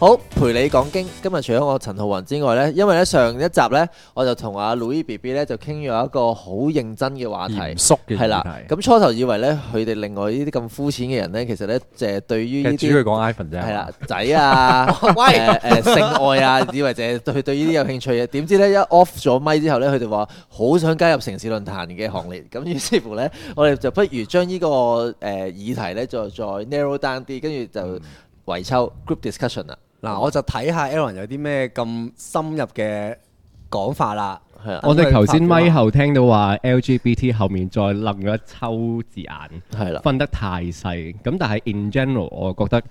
好，陪你講經，今日除咗我陳浩雲之外咧，因為咧上一集咧我就同阿 Louis BB 咧就傾咗一個好認真嘅話題，嚴肅嘅話題。咁初頭以為咧佢哋另外膚淺呢啲咁膚淺嘅人咧，其實咧就係對於呢主要講 Ivan 啫，係啦，仔啊，喂、 啊，誒、啊、性愛啊，以為就係對對呢啲有興趣嘅，點知咧一 off 咗麥之後咧，佢哋話好想加入城市論壇嘅行列，咁於是乎咧，我哋就不如將呢個誒議題咧再再 narrow down 啲，跟住就圍抽 group discussion 啦。嗱，我就睇下 Aaron 有啲咩咁深入嘅講法啦。的嗯、我哋頭先咪後聽到話 LGBT，後面再冧咗一抽字眼，的分得太細。咁但係 in general，我覺得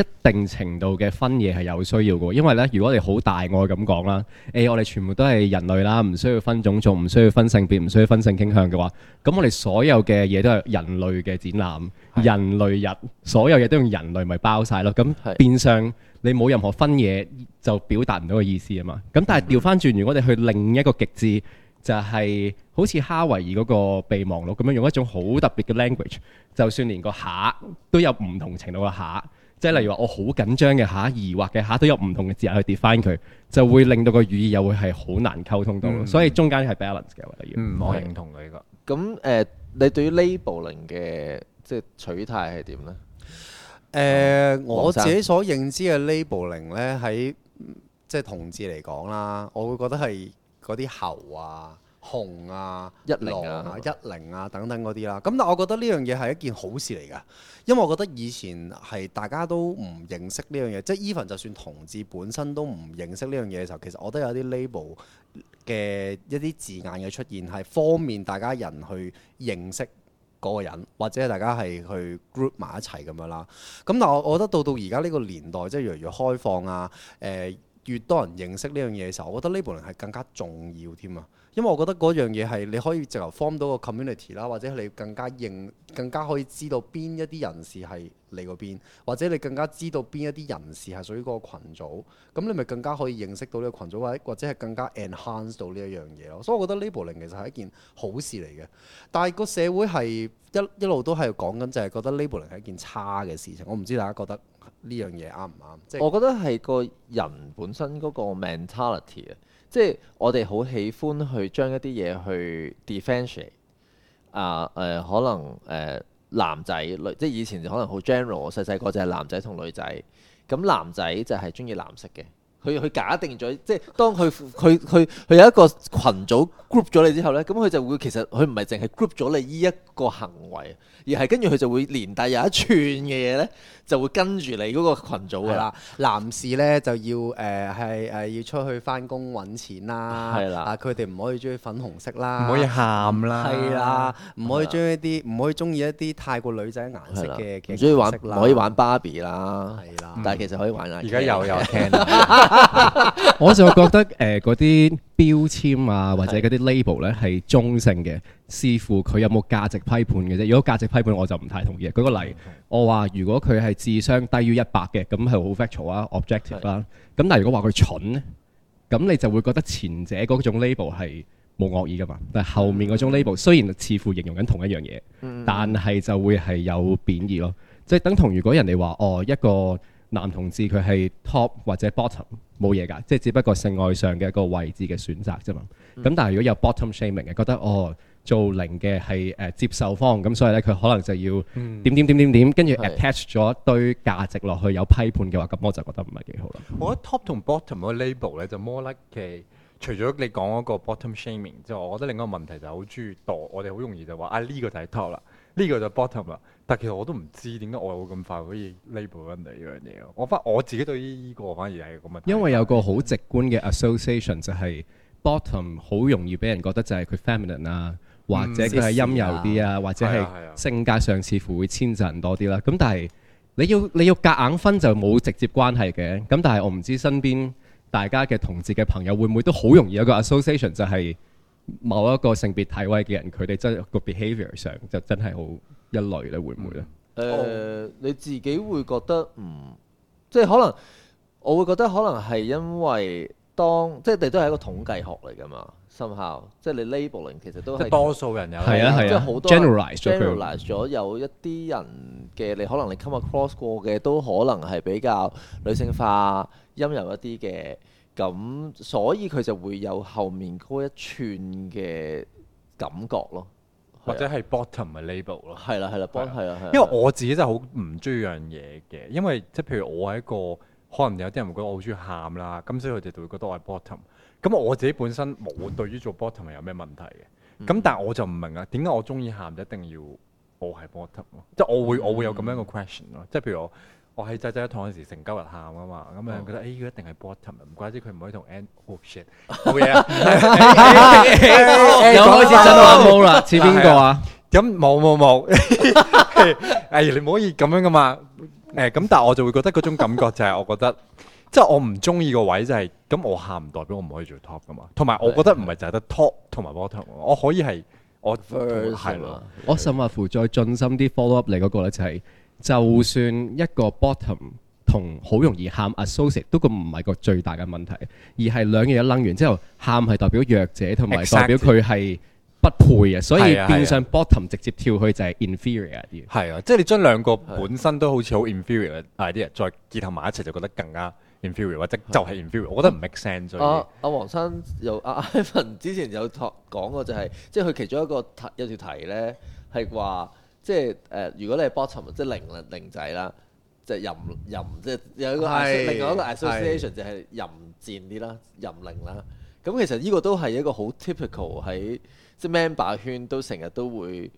一定程度嘅分野係有需要嘅，因為咧，如果你好大愛咁講啦，誒、欸，我哋全部都係人類啦，唔需要分種族，唔需要分性別，唔需要分性傾向嘅話，咁我哋所有嘅嘢都係人類嘅展覽，的人類日，所有嘢都用人類咪包晒咯。咁變相。你冇任何分嘢就表達唔到個意思啊嘛。咁但係調翻轉，如果我哋去另一個極致，就係、是、好似哈維爾嗰個備忘錄咁樣，用一種好特別嘅 language，就算連個下,下,下,下」都有唔同程度嘅下」，即係例如話我好緊張嘅下」、疑惑嘅下」都有唔同嘅字眼去 define 佢，就會令到個語意又會係好難溝通到。所以中間係 balance 嘅，我覺我認同佢呢個。咁誒、呃，你對於 labeling 嘅即係取態係點呢？誒、呃、我自己所認知嘅 labelling 呢，喺、嗯、即係同志嚟講啦，我會覺得係嗰啲猴啊、熊啊、一零啊、狼啊、一零啊等等嗰啲啦。咁但我覺得呢樣嘢係一件好事嚟㗎，因為我覺得以前係大家都唔認識呢樣嘢，即係 even 就算同志本身都唔認識呢樣嘢嘅時候，其實我都有啲 label 嘅一啲字眼嘅出現，係方便大家人去認識。嗰個人，或者大家係去 group 埋一齊咁樣啦。咁嗱，我我覺得到到而家呢個年代，即係越嚟越開放啊。誒、呃，越多人認識呢樣嘢嘅時候，我覺得呢部分係更加重要添啊。因為我覺得嗰樣嘢係你可以藉由 form 到個 community 啦，或者你更加認，更加可以知道邊一啲人士係你嗰邊，或者你更加知道邊一啲人士係屬於嗰個羣組，咁你咪更加可以認識到呢個群組，或者或者係更加 enhance 到呢一樣嘢咯。所以我覺得 labelling 其實係一件好事嚟嘅，但係個社會係一一路都係講緊就係覺得 labelling 係一件差嘅事情。我唔知大家覺得，呢樣嘢啱唔啱？即係我覺得係個人本身嗰個 mentality 啊，即係我哋好喜歡去將一啲嘢去 differentiate 啊，誒、呃、可能誒、呃、男仔女，即係以前可能好 general，細細個就係男仔同女仔，咁男仔就係中意藍色嘅。佢去假定咗，即係當佢佢佢佢有一個群組 group 咗你之後咧，咁佢就會其實佢唔係淨係 group 咗你呢一個行為，而係跟住佢就會連帶有一串嘅嘢咧就會跟住你嗰個羣組㗎啦。男士咧就要誒係誒要出去翻工揾錢啦，啊佢哋唔可以中意粉紅色啦，唔可以喊啦，係的的啦，唔可以中意一啲唔可以中意一啲太過女仔顏色嘅嘅，唔可以玩可以玩芭比啦，係啦的，嗯、但係其實可以玩，玩。而家又有聽。 我就覺得誒，嗰、呃、啲標籤啊，或者嗰啲 label 咧，係中性嘅，視乎佢有冇價值批判嘅啫。如果價值批判，我就唔太同意。舉、個例，我話如果佢係智商低於一百嘅，咁係好 factual 啊 objective 啦。咁、啊、是但係如果話佢蠢咧，咁你就會覺得前者嗰種 label 係冇惡意噶嘛。但係後面嗰種 label 雖然似乎形容緊同一樣嘢，嗯、但係就會係有貶義咯。即係等同如果人哋話哦一個。男同志佢係 top 或者 bottom 冇嘢㗎，即係只不過性愛上嘅一個位置嘅選擇啫嘛。咁、嗯、但係如果有 bottom shaming 嘅，覺得哦做零嘅係誒接受方，咁所以咧佢可能就要點點點點點，跟住、嗯、attach 咗一堆價值落去有批判嘅話，咁我就覺得唔係幾好啦。我覺得 top 同 bottom 嘅 label 咧就 more like 嘅，除咗你講嗰個 bottom shaming 之外，我覺得另一個問題就係好中意度，我哋好容易就話啊呢、呢個就係 top 啦。呢個就 bottom 啦，但其實我都唔知點解我會咁快可以 label 翻你呢樣嘢。我發我自己對於呢個反而係咁啊，因為有個好直觀嘅 association 就係 bottom 好容易俾人覺得就係佢 feminine 啊，或者佢係陰柔啲啊，或者係性格上似乎會遷就人多啲啦。咁、啊啊、但係你要你要夾硬分就冇直接關係嘅。咁但係我唔知身邊大家嘅同志嘅朋友會唔會都好容易有個 association 就係、是。某一個性別體位嘅人，佢哋真係個 behavior 上就真係好一類咧，會唔會咧？誒、呃，你自己會覺得唔、嗯，即係可能我會覺得可能係因為當即係都係一個統計學嚟噶嘛，深效，即係你 labeling 其實都係多數人有，係啊係啊，啊即係好多 generalize generalize 咗有一啲人嘅，嗯、你可能你 come across 過嘅都可能係比較女性化、陰柔一啲嘅。咁所以佢就會有後面嗰一串嘅感覺咯，或者係 bottom 嘅 label 咯，係啦係啦，因為我自己真係好唔中意樣嘢嘅，因為即係譬如我係一個可能有啲人會覺得我好中意喊啦，咁所以佢哋就會覺得我係 bottom。咁我自己本身冇對於做 bottom 係有咩問題嘅，咁、嗯、哼但係我就唔明啦，點解我中意喊一定要我係 bottom 咯？即係我會、嗯、哼我會有咁樣一個 question 咯，即係譬如我。我喺濟濟一堂嗰時，成鳩日喊啊嘛，咁樣覺得，哎，佢一定係 bottom，唔怪之，佢唔可以同 and shit。好嘢啊，又開始真話冇啦，似邊個啊？咁冇冇冇，誒你唔可以咁樣噶嘛。誒咁，但係我就會覺得嗰種感覺就係，我覺得即係我唔中意個位就係咁，我喊唔代表我唔可以做 top 噶嘛。同埋我覺得唔係就係得 top 同埋 bottom，我可以係我 first 係嘛？我甚或乎再盡心啲 follow up 你嗰個咧，就係。就算一個 bottom 同好容易喊 associate，都個唔係個最大嘅問題，而係兩樣嘢一掹完之後，喊係代表弱者，同埋代表佢係不配啊。所以變相 bottom 直接跳去就係 inferior 啲。係啊，即係、啊就是、你將兩個本身都好似好 inferior idea 再結合埋一齊，就覺得更加 inferior，或者就係 inferior。我覺得唔 make sense，阿阿黃生又阿 Ivan 之前有講過就係、是，即係佢其中一個有一條題咧係話。即係誒、呃，如果你係 bottom 即係零零仔啦，就任任即係有一個 association, 是另外一個 association 是就係任戰啲啦，任零啦。咁其實呢個都係一個好 typical 喺即係 member 圈都成日都會。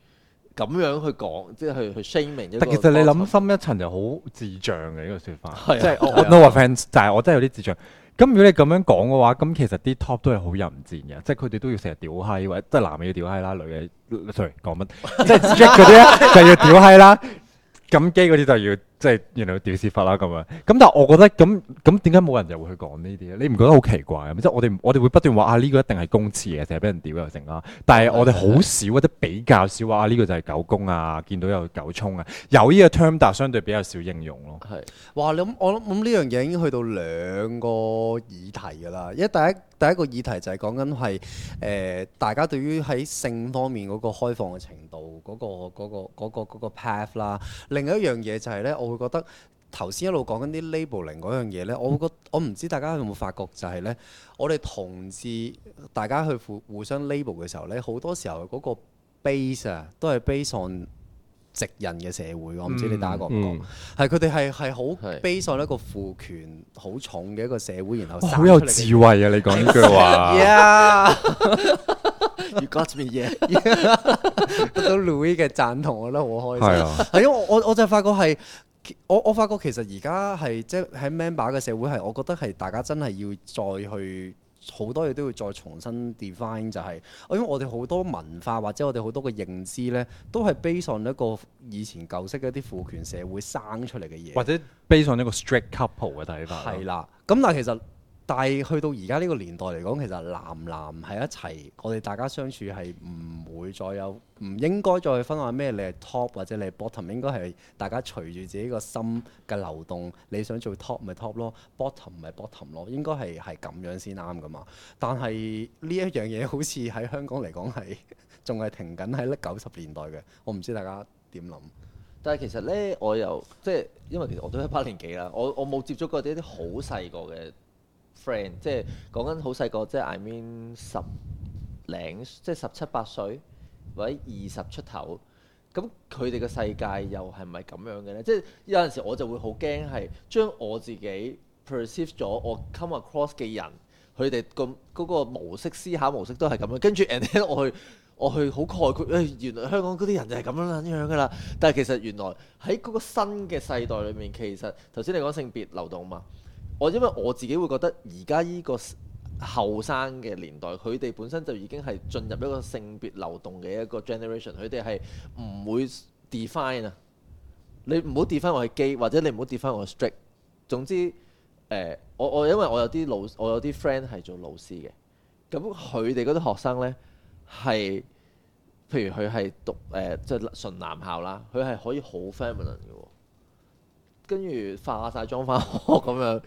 咁樣去講，即係去去 shaming 一個，但其實你諗深一層就好智障嘅呢個説法。係 是，即係 no offense，但係我真係有啲智障。咁如果你咁樣講嘅話，咁其實啲 top 都係好淫賤嘅，即係佢哋都要成日屌閪，或者即係男嘅要屌閪啦，女嘅，sorry 講乜， 即係直啲就要屌閪啦，咁基啲就要。即係原來屌試法啦咁樣，咁但係我覺得咁咁點解冇人就會去講呢啲咧？你唔覺得好奇怪嘅？即係我哋我哋會不斷話啊呢個一定係公廁嘅，成日俾人屌又成啦。但係我哋好少或者的比較少話啊呢個就係狗公啊，見到有狗衝啊，有呢個 term 但係相對比較少應用咯。係哇，咁我諗咁呢樣嘢已經去到兩個議題㗎啦。因為第一第一個議題就係講緊係誒大家對於喺性方面嗰個開放嘅程度嗰個嗰個嗰個嗰個嗰個嗰個 path 啦。另外一樣嘢就係咧。我會覺得頭先一路講緊啲 labelling 嗰樣嘢呢，我會覺我唔知大家有冇發覺就係、是、呢：我哋同志大家去互互相 label 嘅時候咧，好多時候嗰個 base 啊，都係 base on 直人嘅社會，嗯、我唔知你大家覺唔覺？係佢哋係係好 base on 一個父權好重嘅一個社會，然後好有智慧啊！你講呢句話 ，Yeah，you got me yeah，得 到 Louis 嘅贊同，我覺得好開心。係因為我我就係發覺係。我我發覺其實而家係即係喺 member 嘅社會係，我覺得係大家真係要再去好多嘢都要再重新 define，就係我因為我哋好多文化或者我哋好多嘅認知呢，都係 base on 一個以前舊式一啲父權社會生出嚟嘅嘢，或者 base on 一個 strict couple 嘅睇法。係啦，咁但係其實。但係去到而家呢個年代嚟講，其實男男喺一齊，我哋大家相處係唔會再有，唔應該再分話咩你係 top 或者你係 bottom，應該係大家隨住自己個心嘅流動，你想做 top 咪 top 咯，bottom 咪 bottom 咯，應該係係咁樣先啱㗎嘛。但係呢一樣嘢好似喺香港嚟講係仲係停緊喺呢九十年代嘅，我唔知大家點諗。但係其實呢，我又即係因為其實我都一把年紀啦，我我冇接觸過啲啲好細個嘅。friend，即係講緊好細個，即係 I mean 十零，即係十七八歲，或者二十出頭，咁佢哋嘅世界又係咪咁樣嘅咧？即係有陣時我就會好驚係將我自己 perceive 咗，我 come across 嘅人，佢哋咁嗰個模式、思考模式都係咁樣，跟住 and then 我去我去好概括。誒，原來香港嗰啲人就係咁樣樣噶啦。但係其實原來喺嗰個新嘅世代裏面，其實頭先你講性別流動嘛。我因為我自己會覺得而家呢個後生嘅年代，佢哋本身就已經係進入一個性別流動嘅一個 generation，佢哋係唔會 define 啊，你唔好 define 我係 gay，或者你唔好 define 我係 straight，總之，誒、呃，我我因為我有啲老，我有啲 friend 係做老師嘅，咁佢哋嗰啲學生呢，係，譬如佢係讀誒即係純男校啦，佢係可以好 feminine 嘅喎、哦。跟住化晒妝翻學咁樣，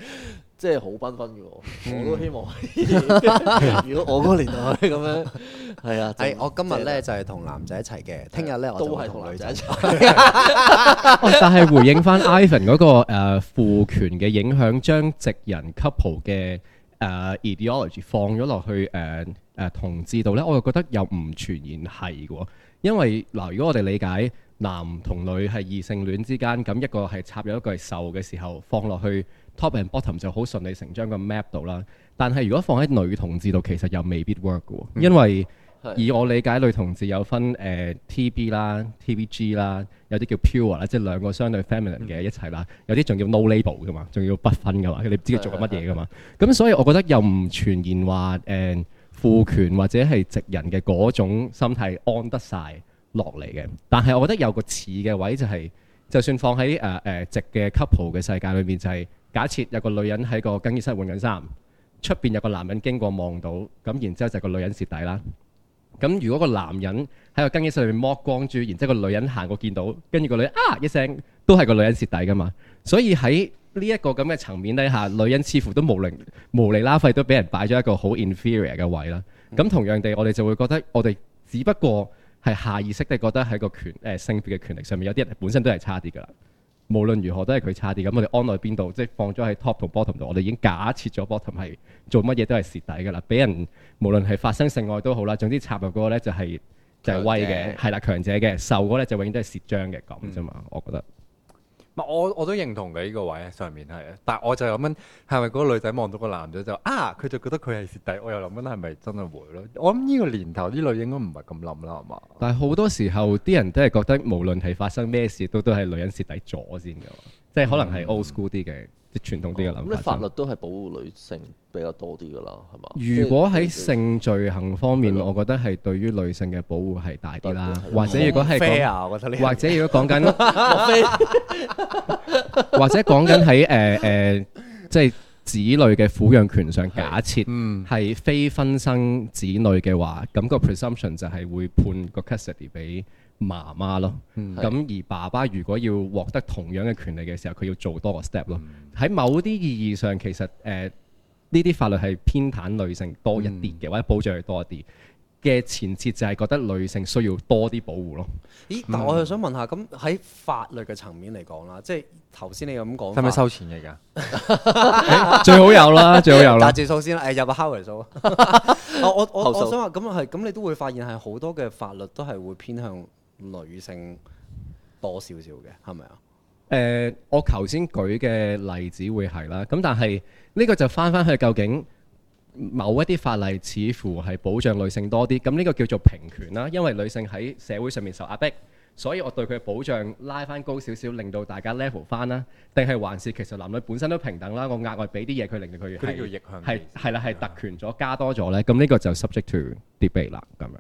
即係好繽紛嘅喎。我都希望，如果我嗰年代可以咁樣，係啊，係我今日咧就係同男仔一齊嘅，聽日咧我都係同女仔一齊。但係回應翻 Ivan 嗰個誒父權嘅影響，將直人 couple 嘅誒 ideology 放咗落去誒誒同志度咧，我又覺得又唔全然係嘅，因為嗱，如果我哋理解。男同女係異性戀之間，咁一個係插入，一個係受嘅時候放落去 top and bottom 就好順理成章咁 map 到啦。但係如果放喺女同志度，其實又未必 work 嘅喎，因為以我理解，女同志有分誒、呃、TB 啦、TBG 啦，有啲叫 pure 啦，即係兩個相對 feminine 嘅一齊啦，嗯、有啲仲叫 no label 嘅嘛，仲要不分嘅嘛，你唔知佢做緊乜嘢嘅嘛。咁、嗯嗯、所以我覺得又唔傳言話誒父權或者係直人嘅嗰種心態安得晒。落嚟嘅，但係我覺得有個似嘅位就係、是，就算放喺誒誒直嘅 couple 嘅世界裏面，就係、是、假設有個女人喺個更衣室換緊衫，出邊有個男人經過望到，咁然之後就個女人蝕底啦。咁如果個男人喺個更衣室裏面剝光豬，然之後個女人行過見到，跟住個女人啊一聲，都係個女人蝕底㗎嘛。所以喺呢一個咁嘅層面底下，女人似乎都無力、無厘啦費都俾人擺咗一個好 inferior 嘅位啦。咁同樣地，我哋就會覺得我哋只不過。係下意識地覺得喺個權誒勝負嘅權力上面，有啲人本身都係差啲噶啦。無論如何都係佢差啲，咁我哋安內邊度，即係放咗喺 top 同 bottom 度，我哋已經假設咗 bottom 係做乜嘢都係蝕底噶啦。俾人無論係發生性愛都好啦，總之插入嗰個咧就係、是、就係、是、威嘅，係啦者，強者嘅受嗰咧就永遠都係蝕章嘅咁啫嘛，嗯、我覺得。我我都認同嘅呢個位喺上面係，但係我就諗緊，係咪嗰個女仔望到個男仔就啊，佢就覺得佢係蝕底，我又諗緊係咪真係會咯？我諗呢個年頭啲女應該唔係咁諗啦，係嘛？但係好多時候啲人都係覺得，無論係發生咩事，都都係女人蝕底咗先嘅，即係可能係 old school 啲嘅。嗯啲傳統啲嘅諗法，法律都係保護女性比較多啲噶啦，係嘛？如果喺性罪行方面，嗯、我覺得係對於女性嘅保護係大啲啦。或者如果係，啊、或者如果講緊， 或者講緊喺誒誒，即、呃、係、呃就是、子女嘅撫養權上，假設係非婚生子女嘅話，咁、那個 presumption 就係會判個 custody 俾媽媽咯，咁、嗯、而爸爸如果要獲得同樣嘅權利嘅時候，佢要做多個 step 咯。喺、嗯、某啲意義上，其實誒呢啲法律係偏袒女性多一啲嘅，嗯、或者保障佢多一啲嘅前設就係覺得女性需要多啲保護咯。咦？但我又想問下，咁喺法律嘅層面嚟講啦，即係頭先你咁講，係咪收錢嘅噶？ 欸、最好有啦，最好有啦。人數先啦，誒入個 house 嚟數。我我我想話咁係，咁你都會發現係好多嘅法律都係會偏向。女性多少少嘅係咪啊？誒、呃，我頭先舉嘅例子會係啦。咁但係呢個就翻翻去究竟某一啲法例似乎係保障女性多啲。咁呢個叫做平權啦。因為女性喺社會上面受壓迫，所以我對佢嘅保障拉翻高少少，令到大家 level 翻啦。定係還是其實男女本身都平等啦？我額外俾啲嘢佢，令到佢係逆向係係啦，係是特權咗加多咗呢。咁呢個就 subject to。啲避啦咁樣，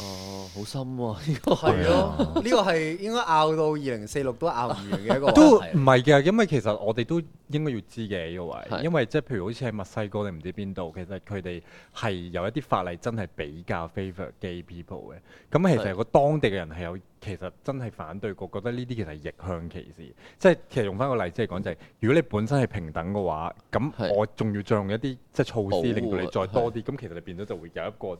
哦、嗯，好、呃、深喎、啊，呢、這個係咯，呢個係應該拗到二零四六都拗唔完嘅一個話題。都唔係嘅，因為其實我哋都應該要知嘅呢個位，的因為即係譬如好似喺墨西哥定唔知邊度，其實佢哋係有一啲法例真係比較 favor gay people 嘅。咁其實有個當地嘅人係有其實真係反對過，覺覺得呢啲其實係逆向歧視。即、就、係、是、其實用翻個例子嚟講、就是，就係如果你本身係平等嘅話，咁我仲要再用一啲即係措施的，令到你再多啲，咁其實你變咗就會有一個。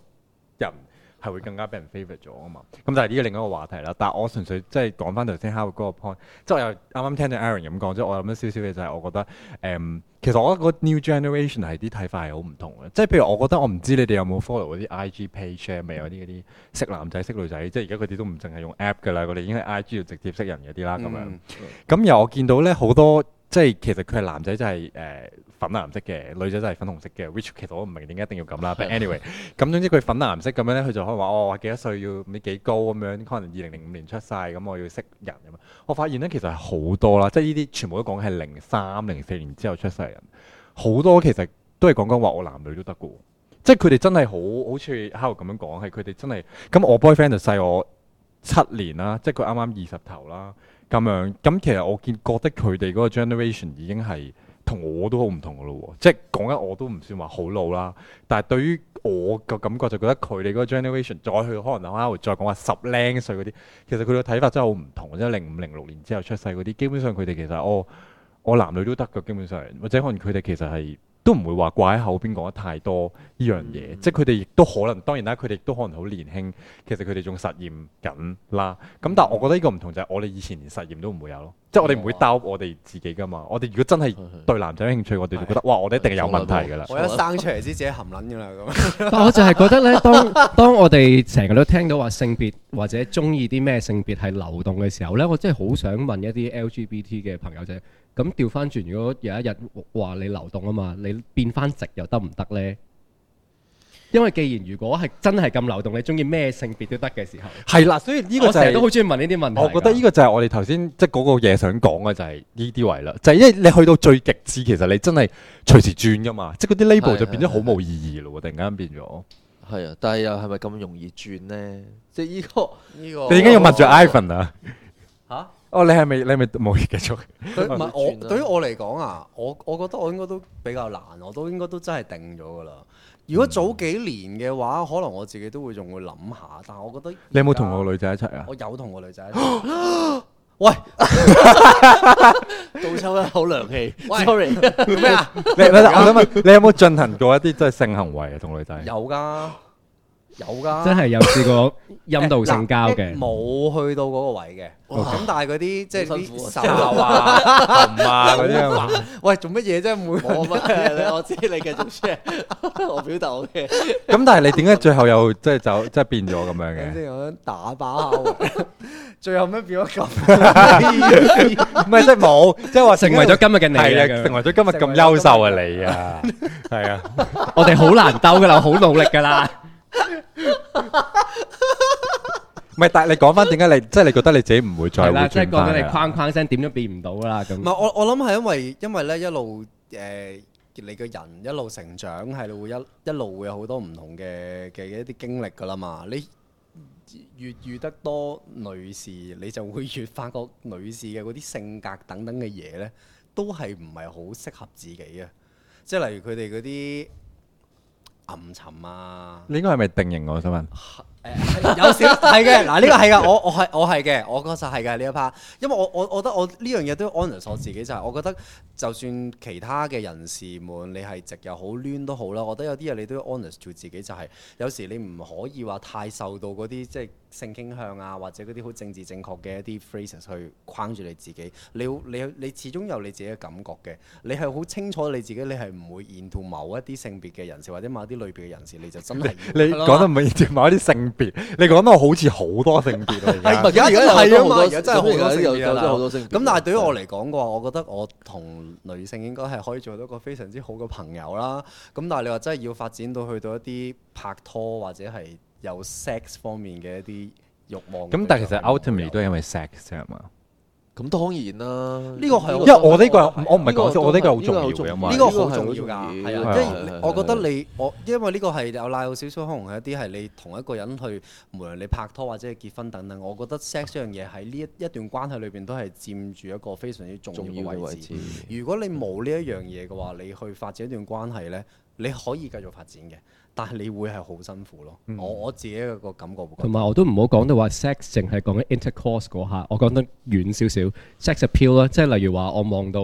人係會更加俾人 favorite 咗啊嘛，咁但係呢個另一個話題啦。但係我純粹即係講翻頭先 h 開嗰個 point，即係我又啱啱聽到 Aaron 咁講，即係我有諗咗少少嘅就係、是、我覺得，誒、嗯，其實我覺得個 new generation 係啲睇法係好唔同嘅。即係譬如我覺得，我唔知你哋有冇 follow 嗰啲 IG page 咪、啊、有啲嗰啲識男仔識女仔，即係而家佢哋都唔淨係用 app 㗎啦，佢哋已經喺 IG 度直接識人嗰啲啦咁樣。咁、嗯、又、嗯嗯、我見到咧好多，即、就、係、是、其實佢係男仔、就是，就係誒。粉藍色嘅女仔就係粉紅色嘅，which 其實我唔明點解一定要咁啦。 But anyway，咁總之佢粉藍色咁樣呢，佢就可以話哦幾多歲要你幾高咁樣。可能二零零五年出世咁、嗯，我要識人咁。我發現呢，其實好多啦，即係呢啲全部都講係零三、零四年之後出世人好多，其實都係講緊話我男女都得嘅。即係佢哋真係好好似 Kyle 咁樣講，係佢哋真係咁我 boyfriend 就細我七年啦，即係佢啱啱二十頭啦咁樣。咁其實我見覺得佢哋嗰個 generation 已經係。我同、就是、我都好唔同㗎咯，即係講緊我都唔算話好老啦，但係對於我嘅感覺就覺得佢哋嗰 generation 再去，可能大家會再講話十零歲嗰啲，其實佢哋嘅睇法真係好唔同，即係零五零六年之後出世嗰啲，基本上佢哋其實我、哦、我男女都得㗎，基本上或者可能佢哋其實係。都唔會話掛喺後邊講得太多呢樣嘢，即係佢哋亦都可能，當然啦，佢哋亦都可能好年輕。其實佢哋仲實驗緊啦。咁但係我覺得呢個唔同就係我哋以前連實驗都唔會有咯，啊、即係我哋唔會兜我哋自己噶嘛。我哋如果真係對男仔有興趣，我哋就覺得哇，我哋一定係有問題㗎啦。我覺得生出嚟先自己含撚㗎啦咁。我就係覺得咧，當當我哋成日都聽到話性別或者中意啲咩性別係流動嘅時候咧，我真係好想問一啲 LGBT 嘅朋友者。咁調翻轉，如果有一日話你流動啊嘛，你變翻直又得唔得呢？因為既然如果係真係咁流動，你中意咩性別都得嘅時候。係啦，所以呢個成日都好中意問呢啲問題。我覺得呢個就係我哋頭先即係嗰個嘢想講嘅就係呢啲位啦。就係因為你去到最極致，其實你真係隨時轉噶嘛，即係嗰啲 label 就變咗好冇意義咯，突然間變咗。係啊，但係又係咪咁容易轉呢？即係呢個呢個。這個、你應該要問住 Ivan 啊？嚇？哦，你係咪你係咪冇繼續？唔係 我，對於我嚟講啊，我我覺得我應該都比較難，我都應該都真係定咗噶啦。如果早幾年嘅話，嗯、可能我自己都會仲會諗下，但係我覺得你有冇同個女仔一齊啊？我有同一個女仔。有有一,一 喂，倒抽一口涼氣。Sorry，咩啊？你 你有冇進行過一啲即係性行為啊？同女仔有㗎。有噶，真係有試過陰道性交嘅，冇去到嗰個位嘅。咁但係嗰啲即係啲手啊、唇啊嗰啲，喂，做乜嘢啫？冇乜嘢咧，我知你繼續 share，我表達我嘅。咁但係你點解最後又即係就即係變咗咁樣嘅？即打靶最後咩變咗咁？唔係即係冇，即係話成為咗今日嘅你，成為咗今日咁優秀啊你啊，係啊，我哋好難兜噶啦，好努力噶啦。唔係， 但係你講翻點解你，即係你覺得你自己唔會再即係講咗你框框聲，點都變唔到啦咁。唔係，我我諗係因為因為咧一路誒、呃，你個人一路成長係會一一路會有好多唔同嘅嘅一啲經歷噶啦嘛。你越遇得多女士，你就會越發覺女士嘅啲性格等等嘅嘢咧，都係唔係好適合自己嘅。即係例如佢哋啲。暗沉啊！你應該係咪定型我， 我想問？誒、哎、有時係嘅，嗱呢 個係嘅，我我係我係嘅，我確實係嘅呢一 part。因為我我我覺得我呢樣嘢都要 honest 我自己就係、是，我覺得就算其他嘅人士們，你係直又好攣都好啦，我覺得有啲嘢你都要 honest 住自己就係、是，有時你唔可以話太受到嗰啲即係。就是性傾向啊，或者嗰啲好政治正確嘅一啲 phrases 去框住你自己，你你你始終有你自己嘅感覺嘅，你係好清楚你自己，你係唔會沿住某一啲性別嘅人士或者某一啲類別嘅人士，你就真係你講得唔係沿住某一啲性別， 你講得好似好多性別嚟㗎。而家，係咪而家真係好多性別？真係好多性別啦。咁但係對於我嚟講嘅話，我覺得我同女性應該係可以做到一個非常之好嘅朋友啦。咁但係你話真係要發展到去到一啲拍拖或者係。有 sex 方面嘅一啲欲望。咁但係其實 ultimately 都係因為 sex 啫係嘛？咁當然啦，呢個係因為我呢個，我唔係講笑，我呢個好重要嘅。呢個好重要㗎，係啊，即係我覺得你，我因為呢個係有拉少少，可能係一啲係你同一個人去，無論你拍拖或者係結婚等等，我覺得 sex 呢樣嘢喺呢一段關係裏邊都係佔住一個非常之重要嘅位置。如果你冇呢一樣嘢嘅話，你去發展一段關係咧，你可以繼續發展嘅。但係你會係好辛苦咯，我我自己個感覺同埋我都唔好講到話 sex，淨係講緊 intercourse 嗰下，我覺得遠少少。sex appeal 啦，即係例如話我望到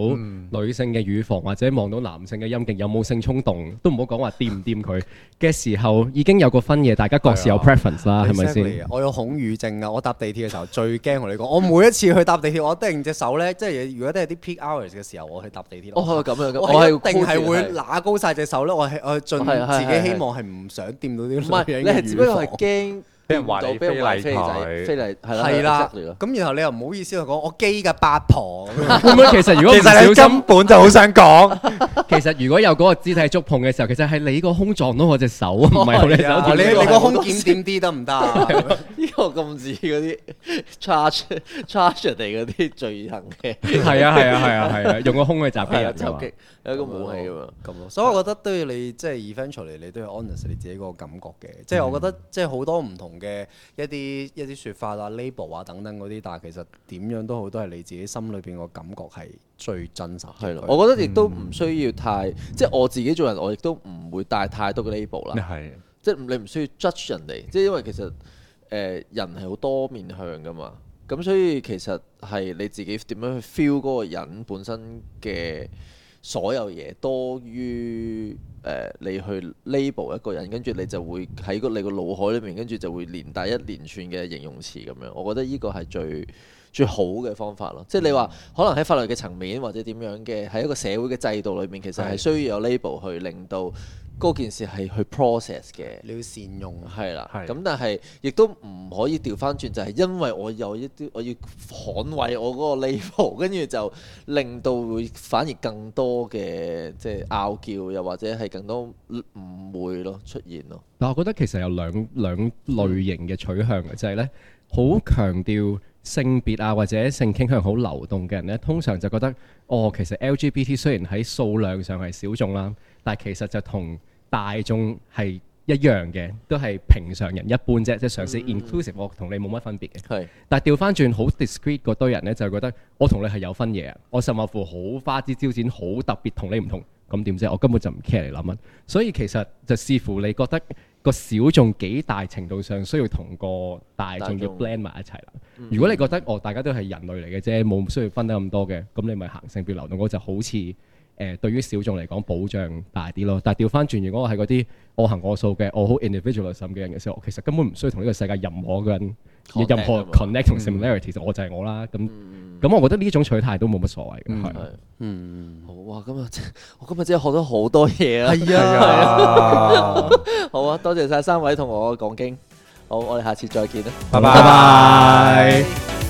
女性嘅乳房或者望到男性嘅陰莖有冇性衝動，都唔好講話掂唔掂佢嘅時候，已經有個分野，大家各自有 preference 啦，係咪先？我有恐乳症啊！我搭地鐵嘅時候最驚同你講，我每一次去搭地鐵，我定隻手咧，即係如果都係啲 peak hours 嘅時候，我去搭地鐵，我係一定係會攤高晒隻手咧，我我盡自己希望係。唔想掂到啲，乜嘢你係只不過係驚俾人懷疑，俾人懷疑仔，懷疑係啦。係啦，咁然後你又唔好意思講我基㗎八婆。咁樣其實如果其實你根本就好想講。其實如果有嗰個肢體觸碰嘅時候，其實係你個胸撞到我隻手，唔係我隻手。你你個胸檢點啲得唔得？呢個咁似嗰啲 charge charge 嚟嗰啲罪行嘅。係啊，係啊，係啊，係啊，用個胸去襲擊人嘅。有個武器啊嘛，咁咯，所以我覺得都要你即係 eventually 你都要 honest 你自己個感覺嘅。即係我覺得即係好多唔同嘅一啲一啲説法啊、label 啊等等嗰啲，但係其實點樣都好，都係你自己心裏邊個感覺係最真實。係咯，我覺得亦都唔需要太即係我自己做人，我亦都唔會帶太多嘅 label 啦。係，即係你唔需要 judge 人哋，即係因為其實誒人係好多面向㗎嘛。咁所以其實係你自己點樣去 feel 嗰個人本身嘅。所有嘢多於、呃、你去 label 一個人，跟住你就會喺個你個腦海裏面，跟住就會連帶一連串嘅形容詞咁樣。我覺得呢個係最最好嘅方法咯，即係你話可能喺法律嘅層面或者點樣嘅，喺一個社會嘅制度裏面，其實係需要有 label 去令到嗰件事係去 process 嘅。你要善用係啦，咁是的 但係亦都唔可以調翻轉，就係、是、因為我有一啲我要捍衞我嗰個 label，跟住就令到會反而更多嘅即係拗撬又或者係更多誤會咯出現咯。但係我覺得其實有兩兩類型嘅取向嘅，嗯、就係咧好強調。性別啊，或者性傾向好流動嘅人呢，通常就覺得，哦，其實 LGBT 雖然喺數量上係小眾啦，但其實就同大眾係一樣嘅，都係平常人一般啫，嗯、即係嘗試 inclusive，我同你冇乜分別嘅。是但係調翻轉好 discreet 嗰堆人呢，就係覺得我同你係有分嘢啊，我甚至乎好花枝招展，好特別，同你唔同，咁點啫？我根本就唔 care 你諗乜，所以其實就視乎你覺得。個小眾幾大程度上需要同個大眾要 blend 埋一齊啦。如果你覺得哦，大家都係人類嚟嘅啫，冇需要分得咁多嘅，咁你咪行性別流動，我就好似。誒對於小眾嚟講保障大啲咯，但係調翻轉，如果我係嗰啲我行我素嘅，我好 individualism 嘅人嘅時候，我其實根本唔需要同呢個世界任何嘅人任何 connect 同 similarity，其實我就係我啦。咁咁，我覺得呢一種取態都冇乜所謂嘅，係。嗯，好啊，今日我今日真係學咗好多嘢啊！係啊，係啊，好啊，多謝晒三位同我講經。好，我哋下次再見啦，拜拜。